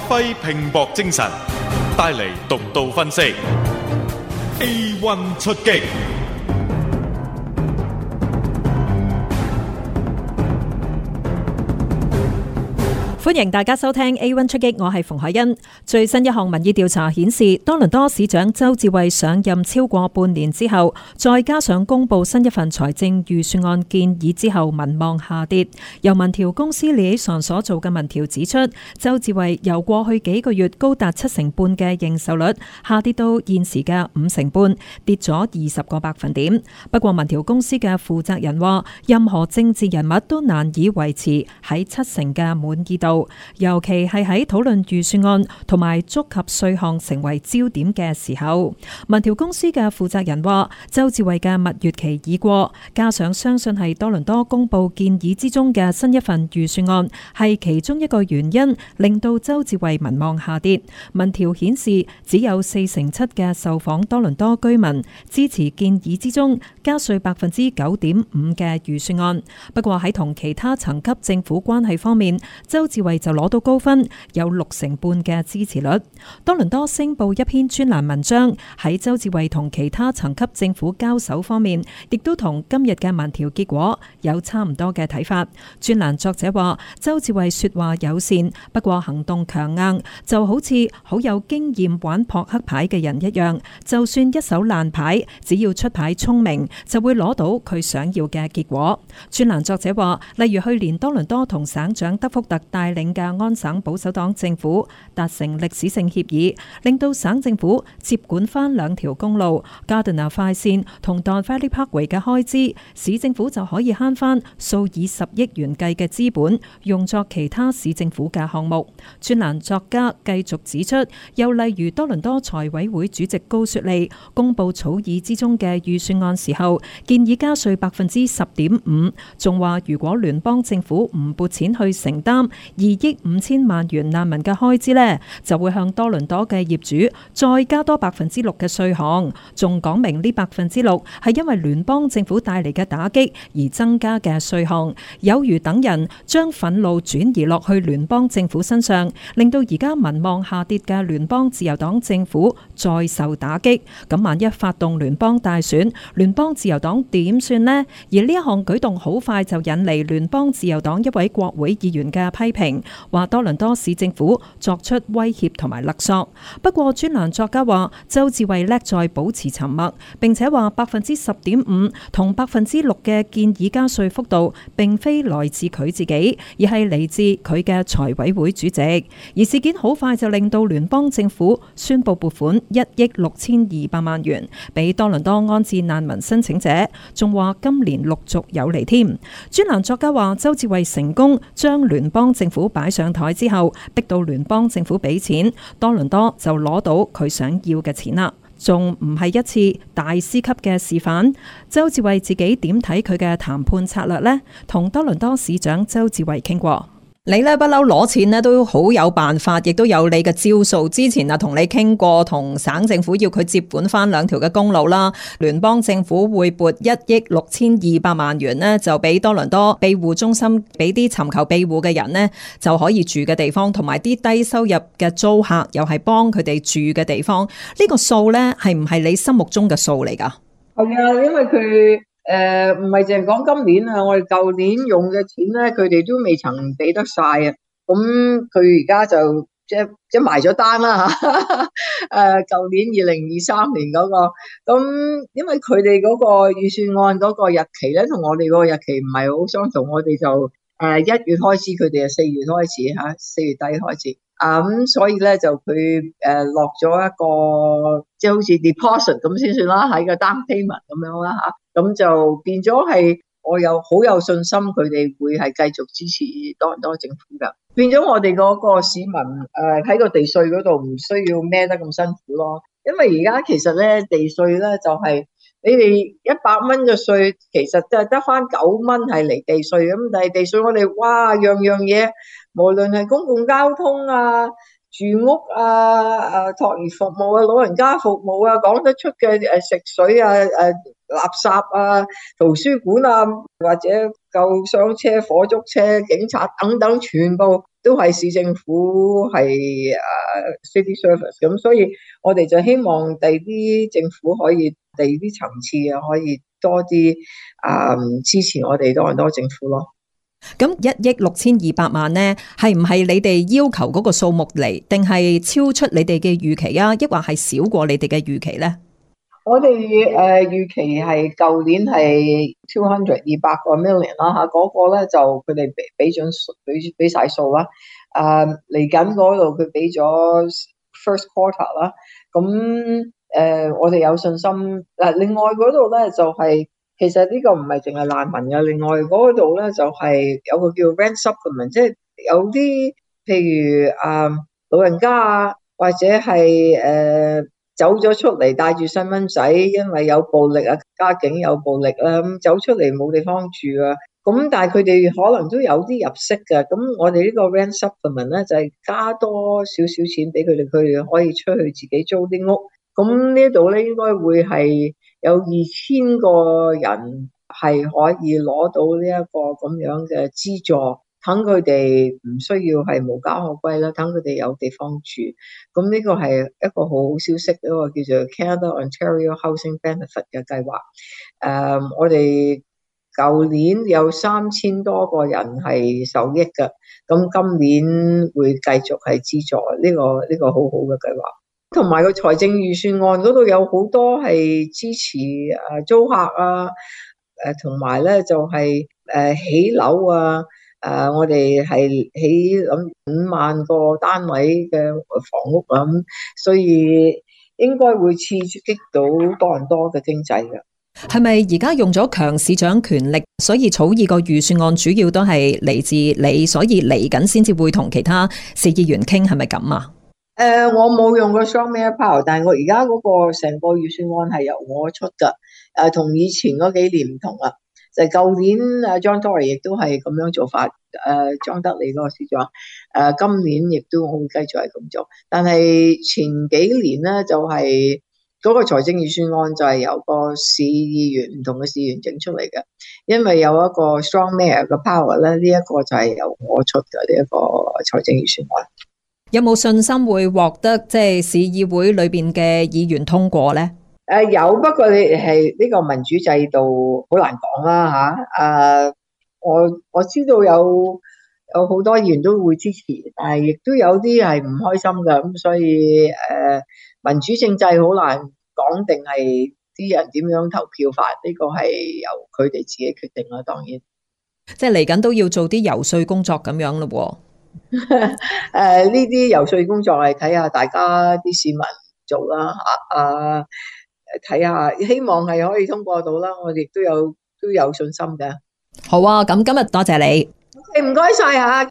發揮拼搏精神，帶嚟獨到分析。A1 出擊。歡迎大家收聽 A1 出擊，我係馮凱欣。最新一項民意調查顯示，多倫多市長鄒至蕙上任超過半年之後，再加上公布新一份財政預算案建議之後，民望下跌。由民調公司理上所做嘅民調指出，鄒至蕙由過去幾個月高達七成半嘅認受率，下跌到現時嘅五成半，跌咗二十個百分點。不過，民調公司嘅負責人話，任何政治人物都難以維持喺七成嘅滿意度。尤其係喺討論預算案同埋觸及稅項成為焦點嘅時候，民調公司嘅負責人話：鄒至蕙嘅蜜月期已過，加上相信係多倫多公布建議之中嘅新一份預算案係其中一個原因，令到鄒至蕙民望下跌。民調顯示，只有四成七嘅受訪多倫多居民支持建議之中加稅百分之九點五嘅預算案。不過喺同其他層級政府關係方面，鄒至就攞到高分，有六成半嘅支持率。多倫多星報一篇專欄文章喺鄒至蕙同其他層級政府交手方面，亦都同今日嘅民調結果有差唔多嘅睇法。專欄作者話：鄒至蕙說話友善，不過行動強硬，就好似好有經驗玩撲克牌嘅人一樣。就算一手爛牌，只要出牌聰明，就會攞到佢想要嘅結果。專欄作者話：例如去年多倫多同省長德福特大。領嘅安省保守黨政府達成歷史性協議，令到省政府接管翻兩條公路——加頓亞快線同代菲利帕維嘅開支，市政府就可以慳翻數以十億元計嘅資本，用作其他市政府嘅項目。專欄作家繼續指出，又例如多倫多財委會主席高雪莉公布草擬之中嘅預算案時候，建議加稅百分之十點五，仲話如果聯邦政府唔撥錢去承擔。二億五千萬元難民嘅開支呢，就會向多倫多嘅業主再加多百分之六嘅稅項，仲講明呢百分之六係因為聯邦政府帶嚟嘅打擊而增加嘅稅項，有如等人將憤怒轉移落去聯邦政府身上，令到而家民望下跌嘅聯邦自由黨政府再受打擊。咁萬一發動聯邦大選，聯邦自由黨點算呢？而呢一項舉動好快就引嚟聯邦自由黨一位國會議員嘅批評。話多倫多市政府作出威脅同埋勒索，不過專欄作家話鄒至蕙叻在保持沉默，並且話百分之十點五同百分之六嘅建議加稅幅度，並非來自佢自己，而係嚟自佢嘅財委會主席。而事件好快就令到聯邦政府宣布撥款一億六千二百萬元俾多倫多安置難民申請者，仲話今年陸續有嚟添。專欄作家話鄒至蕙成功將聯邦政府。擺上台之後，逼到聯邦政府俾錢，多倫多就攞到佢想要嘅錢啦，仲唔係一次大師級嘅示範？鄒至蕙自己點睇佢嘅談判策略呢？同多倫多市長鄒至蕙傾過。你咧，不嬲攞錢咧都好有辦法，亦都有你嘅招數。之前啊，同你傾過，同省政府要佢接管返兩條嘅公路啦。聯邦政府會撥一億六千二百萬元呢，就俾多倫多庇護中心，俾啲尋求庇護嘅人呢，就可以住嘅地方，同埋啲低收入嘅租客又係幫佢哋住嘅地方。呢個數咧係唔係你心目中嘅數嚟㗎？係啊，因為佢。誒、呃，唔係淨係講今年啊，我哋舊年用嘅錢咧，佢哋都未曾俾得晒啊。咁佢而家就即係即埋咗單啦吓。誒，舊年二零二三年嗰個，咁因為佢哋嗰個預算案嗰個日期咧，同我哋嗰個日期唔係好相同，我哋就誒一月開始，佢哋就四月開始吓，四月底開始。啊、嗯、咁，所以咧就佢誒落咗一個，即係好似 deposit 咁先算啦，喺個 down payment 咁樣啦吓，咁就變咗係我有好有信心佢哋會係繼續支持多倫多政府㗎，變咗我哋嗰個市民誒喺個地稅嗰度唔需要孭得咁辛苦咯，因為而家其實咧地稅咧就係、是。你哋一百蚊嘅稅，其實就係得翻九蚊係嚟地稅咁。但係地稅我哋哇樣樣嘢，無論係公共交通啊、住屋啊、誒托兒服務啊、老人家服務啊，講得出嘅誒食水啊、誒垃圾啊、圖書館啊，或者救傷車、火燭車、警察等等，全部都係市政府係誒 city service。咁所以我哋就希望第啲政府可以。第二啲層次嘅可以多啲啊、嗯，支持我哋多倫多政府咯。咁一億六千二百萬呢？係唔係你哋要求嗰個數目嚟？定係超出你哋嘅預期啊？抑或係少過你哋嘅預期咧？我哋誒、呃、預期係舊年係 two hundred 二百個 million 啦吓，嗰個咧就佢哋俾俾準俾俾晒數啦。誒嚟緊嗰度佢俾咗 first quarter 啦，咁。Uh, 我哋有信心。嗱、就是，另外嗰度咧就係，其實呢個唔係淨係難民嘅。另外嗰度咧就係有個叫做 rent supplement，即係有啲譬如啊、uh, 老人家啊，或者係、uh, 走咗出嚟帶住細蚊仔，因為有暴力啊，家境有暴力啦，咁、uh, 走出嚟冇地方住啊。咁但係佢哋可能都有啲入息嘅。咁我哋呢個 rent supplement 咧就係、是、加多少少錢俾佢哋，佢哋可以出去自己租啲屋。咁呢度咧，應該會係有二千個人係可以攞到呢一個咁樣嘅資助，等佢哋唔需要係無家可歸啦，等佢哋有地方住。咁呢個係一個好好消息，一個叫做 Canada Ontario Housing Benefit 嘅計劃。誒，um，我哋舊年有三千多個人係受益嘅，咁今年會繼續係資助呢個呢個好好嘅計劃。同埋個財政預算案嗰度有好多係支持誒租客啊，誒同埋咧就係誒起樓啊，誒我哋係起咁五萬個單位嘅房屋咁，所以應該會刺激到多人多嘅經濟嘅。係咪而家用咗強市長權力，所以草擬個預算案主要都係嚟自你，所以嚟緊先至會同其他市議員傾，係咪咁啊？誒、呃，我冇用過 Strong Mayor power，但係我而家嗰個成個預算案係由我出嘅，誒、呃，同以前嗰幾年唔同啊。就舊年阿 John Tory 亦都係咁樣做法，誒、呃，張德利嗰個市長，誒、呃，今年亦都好會繼續係咁做。但係前幾年咧，就係嗰個財政預算案就係由個市議員唔同嘅市議員整出嚟嘅，因為有一個 Strong Mayor 嘅 power 咧，呢一個就係由我出嘅呢一個財政預算案。有冇信心會獲得即係市議會裏邊嘅議員通過呢？誒，有，不過你係呢個民主制度好難講啦吓。誒，我我知道有有好多議員都會支持，但係亦都有啲係唔開心㗎。咁所以誒，民主政制好難講，定係啲人點樣投票法，呢個係由佢哋自己決定啦。當然，即係嚟緊都要做啲遊說工作咁樣咯。誒，呢啲遊說工作係睇下大家啲市民做啦，吓啊，睇下希望係可以通過到啦，我哋都有都有信心嘅。好啊，咁今日多謝你，唔該晒啊。